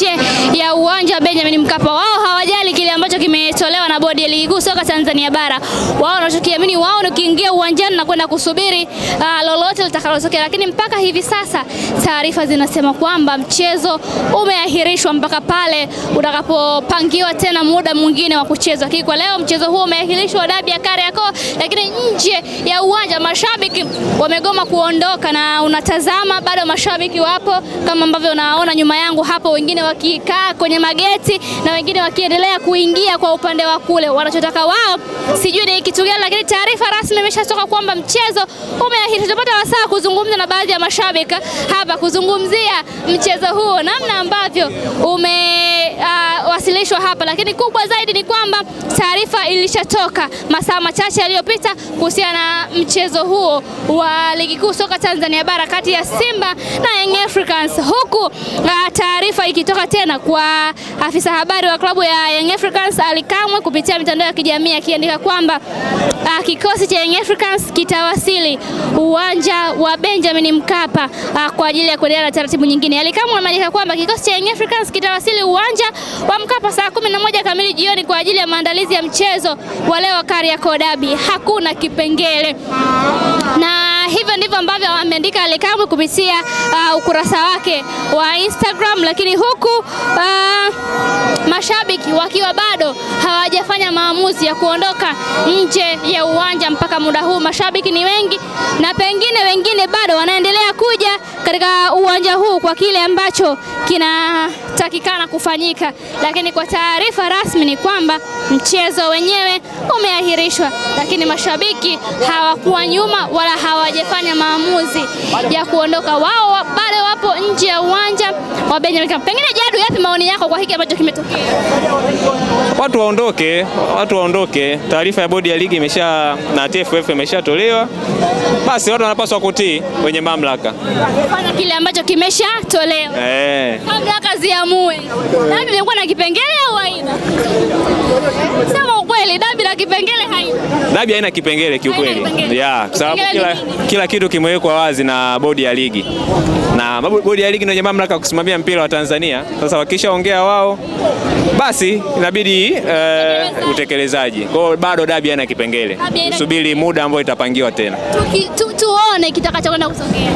nje ya uwanja wa Benjamin Mkapa miguu soka Tanzania bara, wao wanachokiamini wao ni kuingia uwanjani na kwenda kusubiri uh, lolote litakalotokea, lakini mpaka hivi sasa taarifa zinasema kwamba mchezo umeahirishwa mpaka pale utakapopangiwa tena muda mwingine wa kuchezwa. kwa leo mchezo huo umeahirishwa, dabi ya Kariakoo, lakini nje ya uwanja mashabiki wamegoma kuondoka, na unatazama bado mashabiki wapo kama ambavyo unaona nyuma yangu hapo, wengine wakikaa kwenye mageti na wengine wakiendelea kuingia kwa upande wa kule wanacho wanachotaka wao, sijui ni kitu gani, lakini taarifa rasmi imeshatoka kwamba mchezo umeahirishwa. Tupata wasaa kuzungumza na baadhi ya mashabiki hapa kuzungumzia mchezo huo, namna ambavyo ume kuwasilishwa hapa, lakini kubwa zaidi ni kwamba taarifa ilishatoka masaa machache yaliyopita kuhusiana na mchezo huo wa ligi kuu soka Tanzania bara kati ya Simba na Young Africans, huku ah, taarifa ikitoka tena kwa afisa habari wa klabu ya Young Africans Alikamwe kupitia mitandao ya kijamii akiandika kwamba uh, kikosi cha Young Africans kitawasili uwanja wa Benjamin Mkapa uh, kwa ajili ya kuendelea na taratibu nyingine. Alikamwe Kamwe ameandika kwamba kikosi cha Young Africans kitawasili uwanja wa Benjamin saa kumi na moja kamili jioni kwa ajili ya maandalizi ya mchezo wa leo Kariakoo Derby. Hakuna kipengele na ameandika Ale Kamwe kupitia uh, ukurasa wake wa Instagram, lakini huku uh, mashabiki wakiwa bado hawajafanya maamuzi ya kuondoka nje ya uwanja mpaka muda huu. Mashabiki ni wengi na pengine wengine bado wanaendelea kuja katika uwanja huu kwa kile ambacho kinatakikana kufanyika, lakini kwa taarifa rasmi ni kwamba mchezo wenyewe ume kubadilishwa, lakini mashabiki hawakuwa nyuma wala hawajafanya maamuzi ya kuondoka. Wao bado wapo nje ya uwanja wa Benjamin Mkapa. Pengine Jadu, yapi maoni yako kwa hiki ambacho kimetokea? Watu waondoke, watu waondoke. Taarifa ya bodi ya ligi imesha na TFF imeshatolewa, basi watu wanapaswa kutii wenye mamlaka kufanya kile ambacho kimeshatolewa eh. Mamlaka ziamue. Dabi imekuwa na kipengele au haina? Sema ukweli, dabi kipengele haina. Dabi haina kipengele kiukweli, yeah, kwa sababu kila, kila kitu kimewekwa wazi na bodi ya ligi na bodi ya ligi ndio mamlaka ya kusimamia mpira wa Tanzania. Sasa wakishaongea wao, basi inabidi uh, utekelezaji. Kwa hiyo bado dabi haina kipengele, subiri muda ambao itapangiwa tena, tuone kitakachokwenda kusongea.